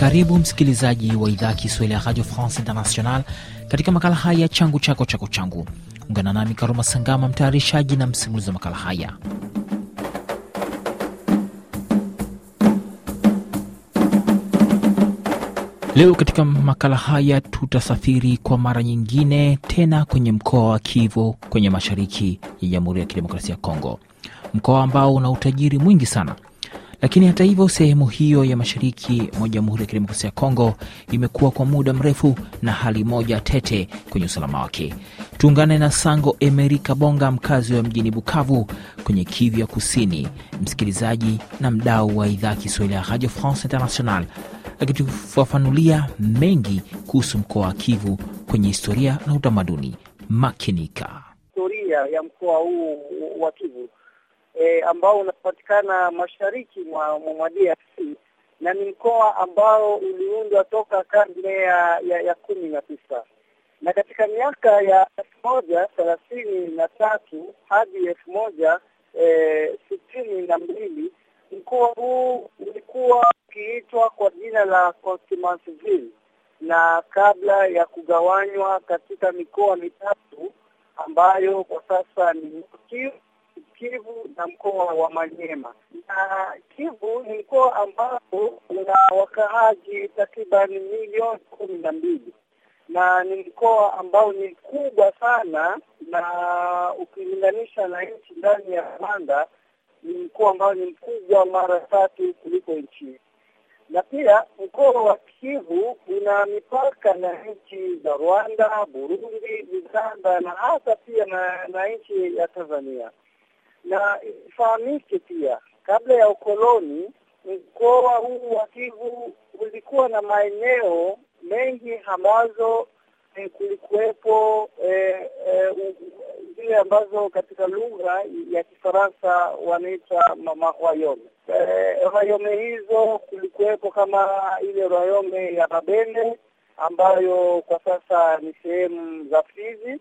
Karibu msikilizaji wa idhaa Kiswahili ya Radio France International katika makala haya changu chako chako changu. Ungana nami Karoma Sangama, mtayarishaji na msimulizi wa makala haya. Leo katika makala haya tutasafiri kwa mara nyingine tena kwenye mkoa wa kivo kwenye mashariki ya Jamhuri ya Kidemokrasia ya Kongo, mkoa ambao una utajiri mwingi sana lakini hata hivyo, sehemu hiyo ya mashariki mwa Jamhuri ya Kidemokrasia ya Kongo imekuwa kwa muda mrefu na hali moja tete kwenye usalama wake. Tuungane na Sango emeri kabonga mkazi wa mjini Bukavu kwenye Kivu ya Kusini, msikilizaji na mdau wa idhaa Kiswahili ya Radio France International, akitufafanulia mengi kuhusu mkoa wa Kivu kwenye historia na utamaduni. Makinika historia ya mkoa huu wa e, ambao unapatikana mashariki mwa mwa DRC na ni mkoa ambao uliundwa toka karne ya, ya, ya kumi na tisa na katika miaka ya elfu moja thelathini na tatu hadi elfu moja e, sitini na mbili mkoa huu ulikuwa ukiitwa kwa jina la Costamanzini na kabla ya kugawanywa katika mikoa mitatu ambayo kwa sasa ni Kivu Kivu na mkoa wa Manyema. Na Kivu ni mkoa ambapo una wakaaji takriban milioni kumi na mbili na ni mkoa ambao ni mkubwa sana, na ukilinganisha na nchi ndani ya Rwanda ni mkoa ambao ni mkubwa mara tatu kuliko nchi. Na pia mkoa wa Kivu una mipaka na nchi za Rwanda, Burundi, Uganda na hata pia na, na nchi ya Tanzania na ifahamike pia, kabla ya ukoloni mkoa huu wa Kivu ulikuwa na maeneo mengi ambazo eh, kulikuwepo zile eh, eh, ambazo katika lugha ya Kifaransa wanaita marayome eh, rayome hizo kulikuwepo kama ile rayome ya Babende ambayo kwa sasa ni sehemu za Fizi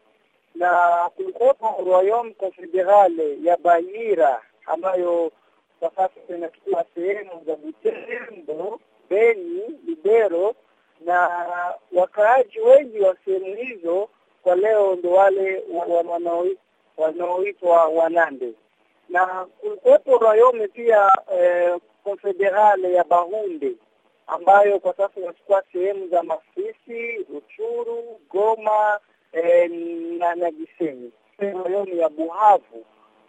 na kulikuwepo Royaume Confederale ya Bayira ambayo kwa sasa inachukua sehemu za Butembo, Beni, Lubero na wakaaji wengi wa sehemu hizo kwa leo ndo wale wanaoitwa Wanande na kulikuwepo Royaume pia eh, ya Bahunde ambayo kwa sasa inachukua sehemu za Masisi, Ruchuru, Goma e, na, na Gisenyi. Sehemu hiyo ni ya Buhavu,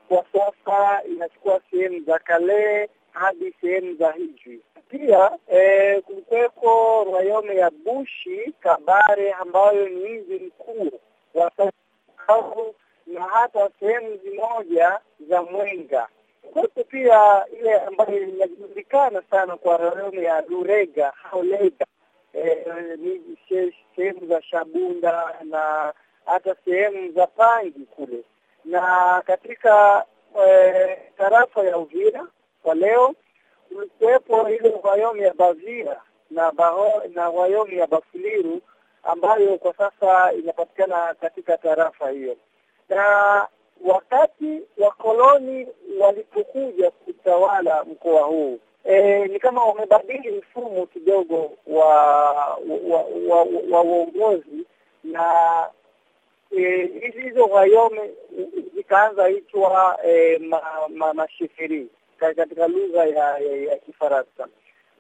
kwa sasa inachukua sehemu za Kale hadi sehemu za Hiji. Pia e, kulikuweko rayome ya Bushi Kabare, ambayo ni mji mkuu wa Bukavu na hata sehemu zimoja za Mwenga kwetu pia ile ambayo inajulikana sana kwa rayome ya Lurega au Lega sehemu za Shabunda na hata sehemu za Pangi kule na katika eh, tarafa ya Uvira kwa leo kulikuwepo ile wayomi ya Bavira na baho, na wayomi ya Bafuliru ambayo kwa sasa inapatikana katika tarafa hiyo. Na wakati wakoloni walipokuja kutawala mkoa huu e, ni kama wamebadili mfumo kidogo wa uongozi wa, wa, wa, wa na eh, hizi hizo wayome zikaanza itwa e, ma, ma, katika lugha ya, ya, ya Kifaransa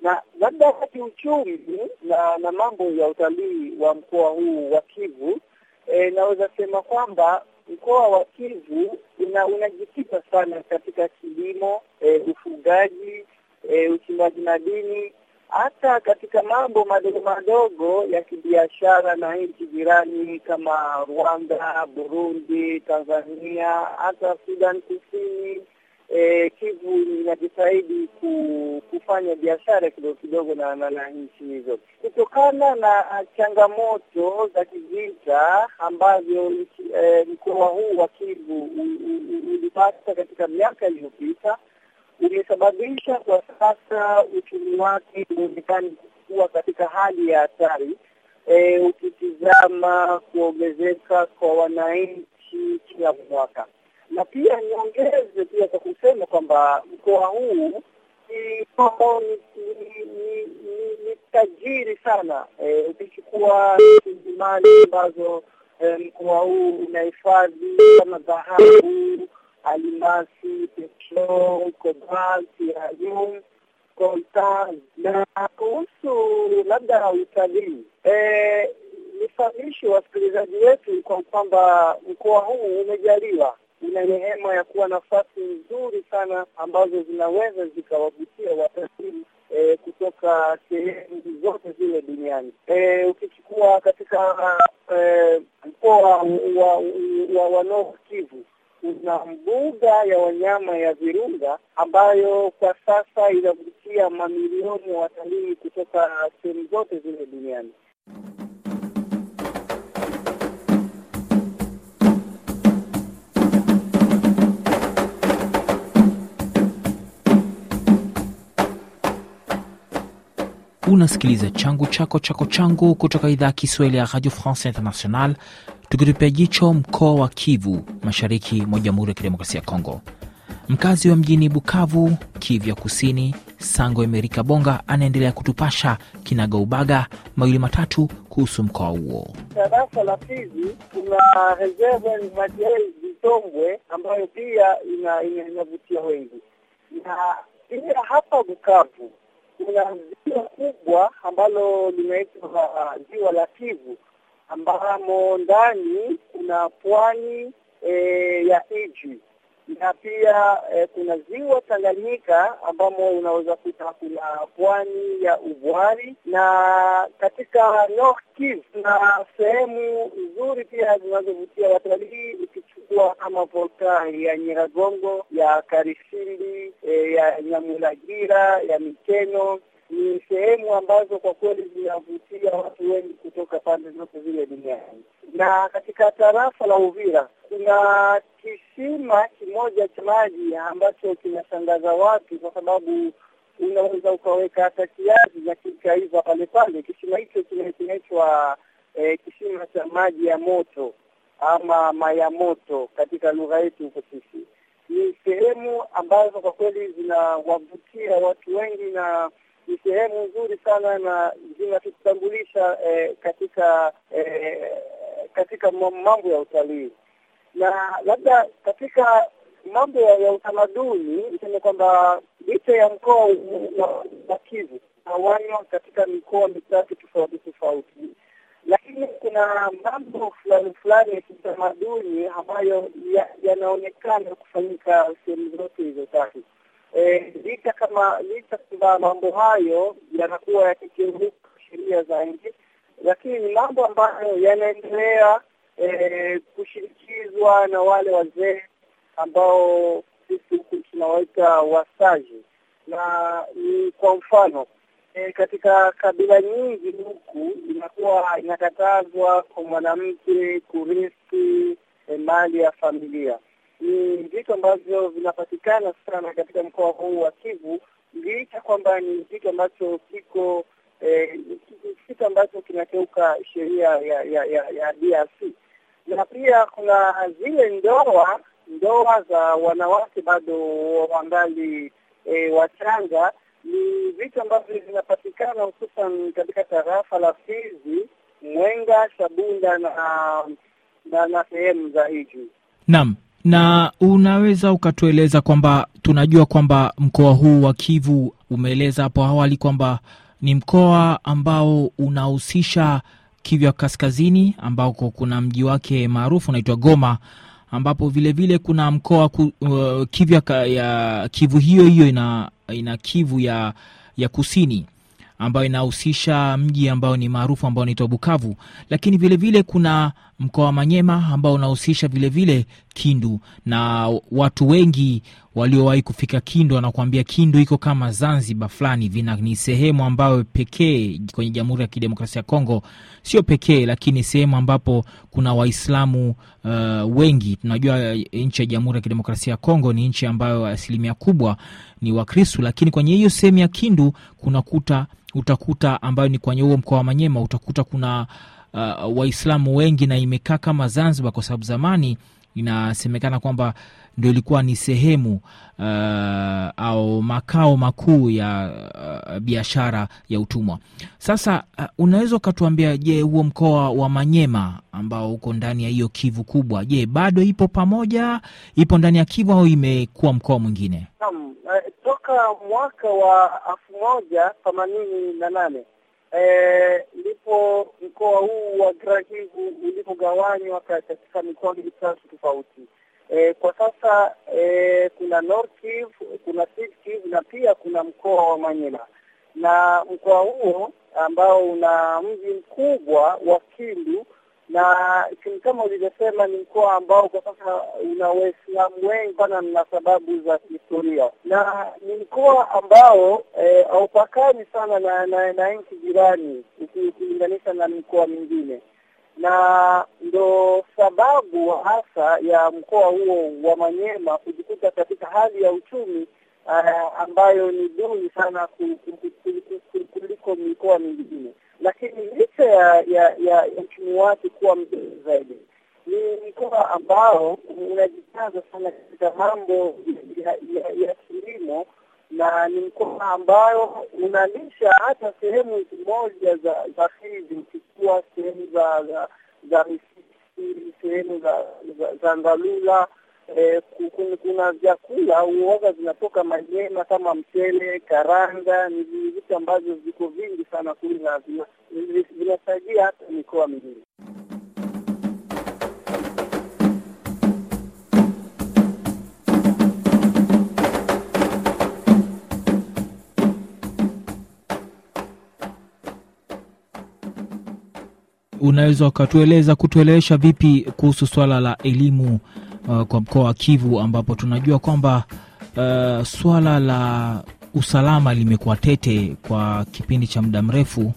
na labda wakati uchumi na na mambo ya utalii wa mkoa huu wa Kivu e, naweza sema kwamba mkoa wa Kivu unajikita una sana katika kilimo e, ufugaji e, uchimbaji madini hata katika mambo madogo madogo ya kibiashara na nchi jirani kama Rwanda, Burundi, Tanzania, hata Sudan Kusini. E, Kivu inajitahidi kufanya biashara kidogo kidogo na, na, na nchi hizo kutokana na changamoto za kivita ambazo e, mkoa huu wa Kivu ulipata katika miaka iliyopita umesababisha kwa sasa uchumi wake uonekani kuwa katika hali ya hatari. E, ukitizama kuongezeka kwa wananchi kila mwaka, na pia niongeze pia kwa kusema kwamba mkoa huu ni tajiri sana e, ukichukua rasilimali ambazo e, mkoa huu unahifadhi kama dhahabu alimasi, petrol, kobalti, radium, coltan. Na kuhusu labda utalii e, nifahamishi wasikilizaji wetu kwa kwamba mkoa huu umejaliwa una rehema ya kuwa nafasi nzuri sana ambazo zinaweza zikawavutia watalii e, kutoka sehemu zote zile duniani. E, ukichukua katika e, mkoa wa, wa, wa, wa North Kivu kuna mbuga ya wanyama ya Virunga ambayo kwa sasa inavutia mamilioni ya watalii kutoka sehemu zote zile duniani. unasikiliza changu chako chako changu kutoka idhaa ya Kiswahili ya Radio France International, tukitupia jicho mkoa wa Kivu mashariki mwa Jamhuri ya Kidemokrasia ya Kongo. Mkazi wa mjini Bukavu, Kivu ya Kusini, Sango Emerika Bonga anaendelea kutupasha kinagaubaga mawili matatu kuhusu mkoa huo. Darasa la pili kuna reserve Vitongwe ambayo pia inavutia wengi, na pia hapa Bukavu kuna ziwa kubwa ambalo linaitwa uh, Ziwa la Kivu ambamo ndani kuna pwani e, ya Iji na pia e, kuna ziwa Tanganyika ambamo unaweza kuta kuna pwani ya Ubwari, na katika North Kivu na sehemu nzuri pia zinazovutia watalii ukichukua kama volkani ya Nyiragongo, ya Karisindi, e, ya Nyamulagira, ya Mikeno ni sehemu ambazo kwa kweli zinavutia watu wengi kutoka pande zote zile duniani. Na katika tarafa la Uvira kuna kisima kimoja cha maji ambacho kinashangaza watu kwa sababu unaweza ukaweka hata kiazi na kikaiva pale pale. Kisima hicho kinaitwa e, kisima cha maji ya moto ama maya moto katika lugha yetu huko sisi. Ni sehemu ambazo kwa kweli zinawavutia watu wengi na ni sehemu nzuri sana na zinatutambulisha eh, katika eh, katika mambo ya utalii na labda katika mambo ya, ya utamaduni niseme kwamba licha ya mkoa wa Kivu nawanywa katika mikoa mitatu tofauti tofauti, lakini kuna mambo fulani fulani ya kitamaduni ambayo yanaonekana kufanyika sehemu zote hizo tatu e, licha kama licha kwamba mambo hayo yanakuwa yakikiuka sheria za nchi, lakini ni mambo ambayo yanaendelea e, kushirikizwa na wale wazee ambao sisi huku tunawaita wasaji, na ni kwa mfano E, katika kabila nyingi huku inakuwa inakatazwa kwa mwanamke kurithi e, mali ya familia ni vitu ambavyo vinapatikana sana katika mkoa huu wa Kivu, licha kwamba ni kitu ambacho kiko eh, kitu ambacho kinakeuka sheria ya ya, ya ya DRC na pia kuna zile ndoa ndoa za wanawake bado wangali e, wachanga ni vitu ambavyo vinapatikana hususan katika tarafa la Fizi, Mwenga, Shabunda na na sehemu za hiji. Naam. Na unaweza ukatueleza kwamba tunajua kwamba mkoa huu wa Kivu umeeleza hapo awali kwamba ni mkoa ambao unahusisha Kivu ya Kaskazini ambako kuna mji wake maarufu unaitwa Goma ambapo vilevile vile kuna mkoa ku, uh, Kivu ya, ya Kivu hiyo hiyo ina, ina Kivu ya, ya Kusini ambayo inahusisha mji ambao ni maarufu ambao unaitwa Bukavu, lakini vilevile vile kuna mkoa wa Manyema ambao unahusisha vilevile Kindu, na watu wengi waliowahi kufika Kindu wanakuambia Kindu iko kama Zanzibar fulani vina, ni sehemu ambayo pekee kwenye Jamhuri ya Kidemokrasia ya Kongo, sio pekee, lakini sehemu ambapo kuna Waislamu uh, wengi. Tunajua eh, nchi ya Jamhuri ya Kidemokrasia ya Kongo ni nchi ambayo asilimia kubwa ni Wakristu, lakini kwenye hiyo sehemu ya Kindu kunakuta utakuta ambayo ni kwenye huo mkoa wa Manyema utakuta kuna uh, Waislamu wengi na imekaa kama Zanzibar, kwa sababu zamani inasemekana kwamba ndo ilikuwa ni sehemu uh, au makao makuu ya uh, biashara ya utumwa. Sasa uh, unaweza ukatuambia, je, huo mkoa wa Manyema ambao uko ndani ya hiyo Kivu kubwa, je, bado ipo pamoja, ipo ndani ya Kivu au imekuwa mkoa mwingine? Naam, eh, toka mwaka wa elfu moja themanini na nane Eh, ndipo e, mkoa huu wa Grahigu ulipogawanywa katika mikoa mitatu tofauti. E, kwa sasa e, kuna North Kivu, kuna South Kivu na pia kuna mkoa wa Manyela, na mkoa huo ambao una mji mkubwa wa Kindu na chini kama ulivyosema, ni mkoa ambao kwa sasa una Waislamu wengi sana na sababu za kihistoria, na ni mkoa ambao e, haupakani sana na, na, na nchi jirani ukilinganisha na mikoa mingine, na ndo sababu hasa ya mkoa huo wa Manyema kujikuta katika hali ya uchumi uh, ambayo ni duni sana kuliko mikoa mingine lakini licha ya ya, ya uchumi wake kuwa mzuri zaidi, ni mkoa ambao unajikaza sana katika mambo ya, ya, ya kilimo na ni mkoa ambayo unalisha hata sehemu moja za za hizi ukikuwa sehemu za za, za sehemu za za, za ngalula eh, kuna vyakula uoga zinatoka Manyema kama mchele, karanga, ni vitu ambavyo viko vingi sana kule na vinasaidia hata mikoa mingine. Unaweza ukatueleza kutuelewesha vipi kuhusu swala la elimu uh, kwa mkoa wa Kivu ambapo tunajua kwamba uh, swala la usalama limekuwa tete kwa kipindi cha muda mrefu,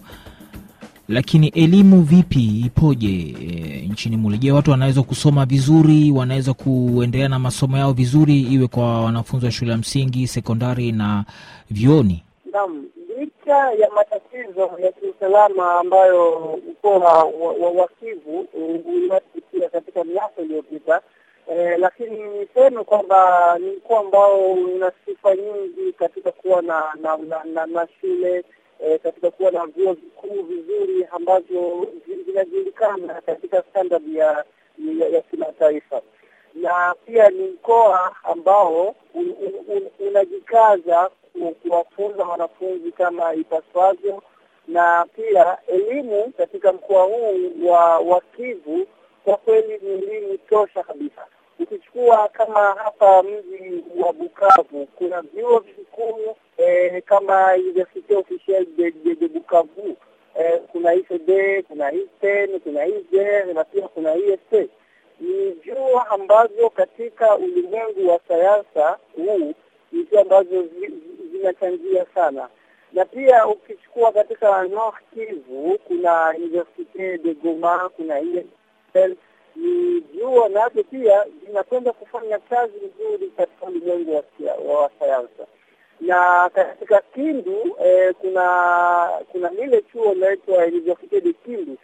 lakini elimu vipi, ipoje e, nchini mule? Je, watu wanaweza kusoma vizuri? Wanaweza kuendelea na masomo yao vizuri, iwe kwa wanafunzi wa shule ya msingi, sekondari na vioni? Naam, licha ya matatizo ya kiusalama ambayo mkoa wa Kivu unapitia uh, katika miaka iliyopita e, lakini niseme kwamba ni mkoa ambao una sifa nyingi katika kuwa na na, na, na, na shule e, katika kuwa na vyuo vikuu vizuri ambavyo vinajulikana katika standard ya ya, ya kimataifa na pia ni mkoa ambao un, un, un, unajikaza kuwafunza wanafunzi kama ipaswavyo, na pia elimu katika mkoa huu wa wa Kivu kwa kweli ni elimu tosha kabisa ukichukua kama hapa mji wa Bukavu kuna vyuo vikuu eh, kama Universite Officielle de, de, de Bukavu eh, kuna ICD, kuna ISTEM, kuna IGR e na pia kuna IST. E ni vyuo ambazo katika ulimwengu wa sayansa huu ni vyuo ambazo zinachangia sana na pia ukichukua katika North Kivu kuna Universite de Goma, kuna ISL e vyuo navyo pia vinakwenda kufanya kazi nzuri katika ulimwengu wa, wa na katika Kindu eh, kuna kuna lile chuo linaitwa de Kindu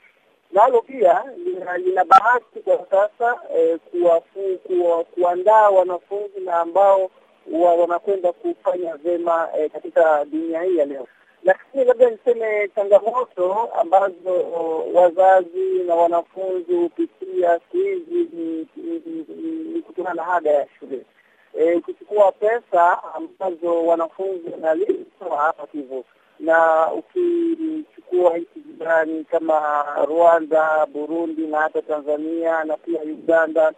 nalo pia lina, lina bahati kwa sasa eh, kuwafu, kuwa, kuandaa wanafunzi na ambao wanakwenda kufanya vyema eh, katika dunia hii ya leo. Lakini labda niseme changamoto ambazo wazazi na wanafunzi hupitia siku hizi ni kutokana na ada ya shule. E, kuchukua pesa ambazo wanafunzi wanalipwa hapa Kivu na ukichukua nchi jirani kama Rwanda, Burundi na hata Tanzania na pia Uganda,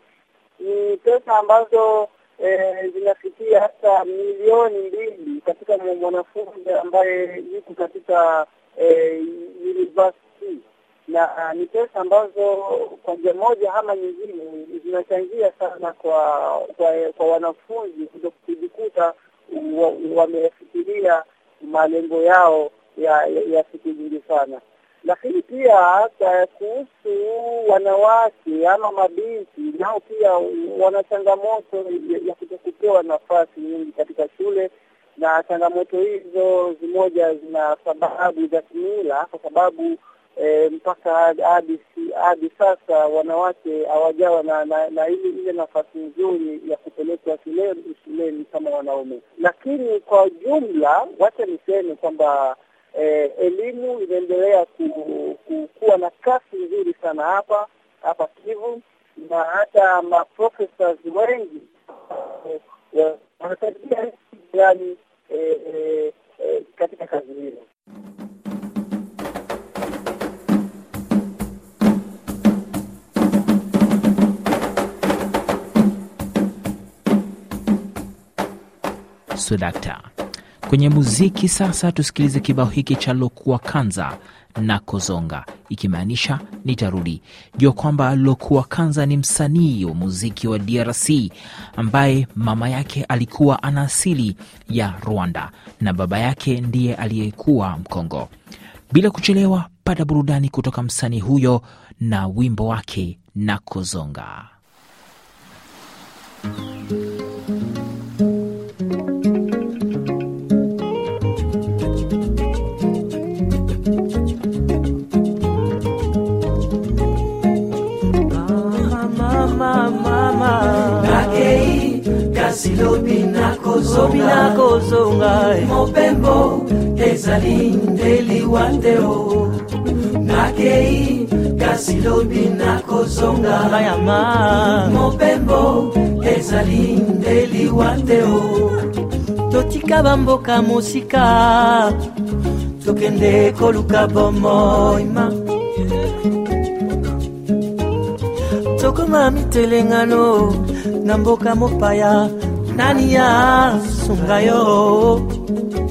ni pesa ambazo e, zinafikia hata milioni mbili katika mwanafunzi ambaye yuko katika e, university na ah, ni pesa ambazo kwa njia moja ama nyingine zinachangia sana kwa kwa, kwa wanafunzi kuto kujikuta wamefikiria malengo yao ya, ya, ya siku nyingi sana. Lakini pia eh, kuhusu wanawake ama mabinti, nao pia wana changamoto ya kuto kupewa nafasi nyingi katika shule, na changamoto hizo zimoja zina sababu za kimila, kwa sababu E, mpaka hadi sasa wanawake hawajawa na, na, na ile ile nafasi nzuri ya kupelekwa shuleni kama wanaume. Lakini kwa jumla, wacha niseme kwamba eh, elimu inaendelea ku, ku, kuwa na kasi nzuri sana hapa hapa Kivu, na hata maprofesa wengi eh, wanasaidia eh, jirani eh, eh, katika kazi hiyo. So, Kwenye muziki sasa, tusikilize kibao hiki cha lokua Kanza na Kozonga, ikimaanisha nitarudi. Jua kwamba lokua Kanza ni msanii wa muziki wa DRC ambaye mama yake alikuwa ana asili ya Rwanda na baba yake ndiye aliyekuwa Mkongo. Bila kuchelewa, pata burudani kutoka msanii huyo na wimbo wake na Kozonga. silobina nakozonga kozonga mopembo ezali nde liwa te o lo kasi lobi nakozonga mayama mopembo ezali nde liwa te o totika bamboka música, tokende koluka bomoi ma tokoma mitelengano na mboka mopaya nani ya sunga yo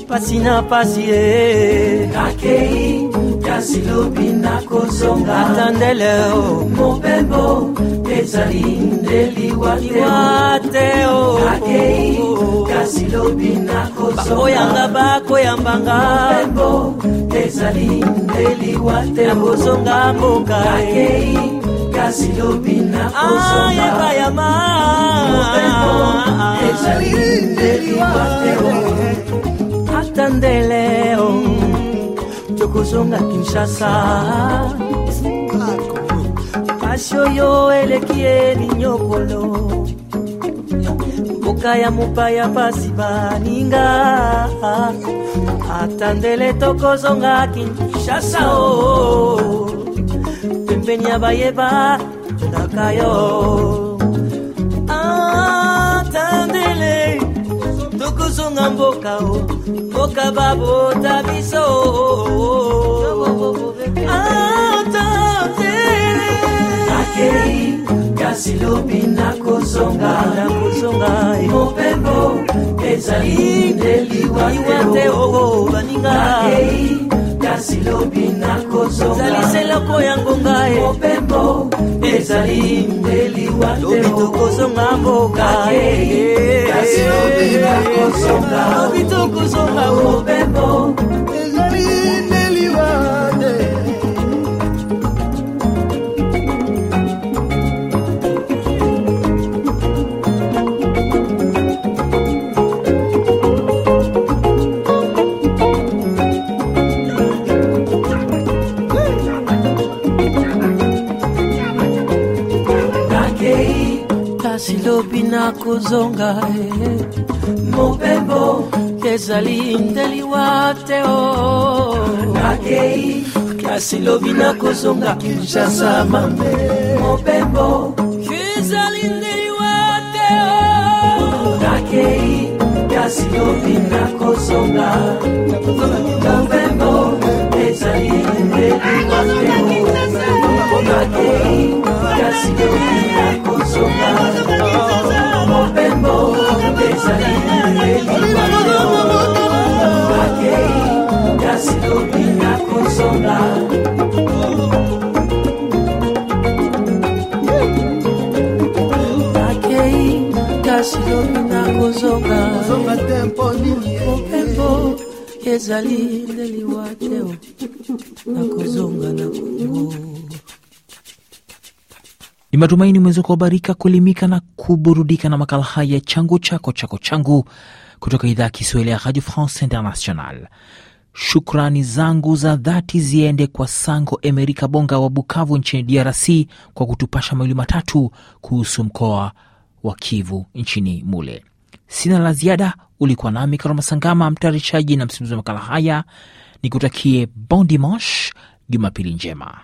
pasi na pasi e nakei kasi lobi nakozonga ata ndele o mobembo ezali ndeliwa te o nakei kasi lobi nakozongaoyanga bakoyambanga mobembo ezali ndeliwa te nakozonga mboka e. nakei hata ndeleo tokozonga kinshasa kasi oyo eleki elinyokolo mboka ya mopaya pasi baninga ata ndele tokozonga kinshasa o oh, oh, oh pembeni ya bayeba tunaka yo atandele tokozonga mboka o mboka babota biso akei kasi lobi nakozonga nakozonga eh. mopembo ezali nde liwa te o baninga nyasi lobi nakozongaezali seloko ya ngonga e mobembo ezali mbeli wa lobi tokozonga mbokalobi e. tokozonga mobembo kozonga eh. mobembo ezali nteliwa te o oh. nakei kasi lobi nakozonga kinshasa mambe mobembo ezali nteliwa te o oh. nakei kasi lobi nakozonga ezali lile liwacheo na kuzonga na kunguo. Ni matumaini umeweza kuhabarika, kuelimika na kuburudika na makala haya changu chako chako changu kutoka idhaa ya Kiswahili ya Radio France International. Shukrani zangu za dhati ziende kwa Sango Emerika Bonga wa Bukavu nchini DRC kwa kutupasha mawili matatu kuhusu mkoa wa Kivu nchini mule. Sina la ziada. Ulikuwa nami Karoma Sangama, mtayarishaji na msimuzi wa makala haya, nikutakie bon dimanche, Jumapili njema.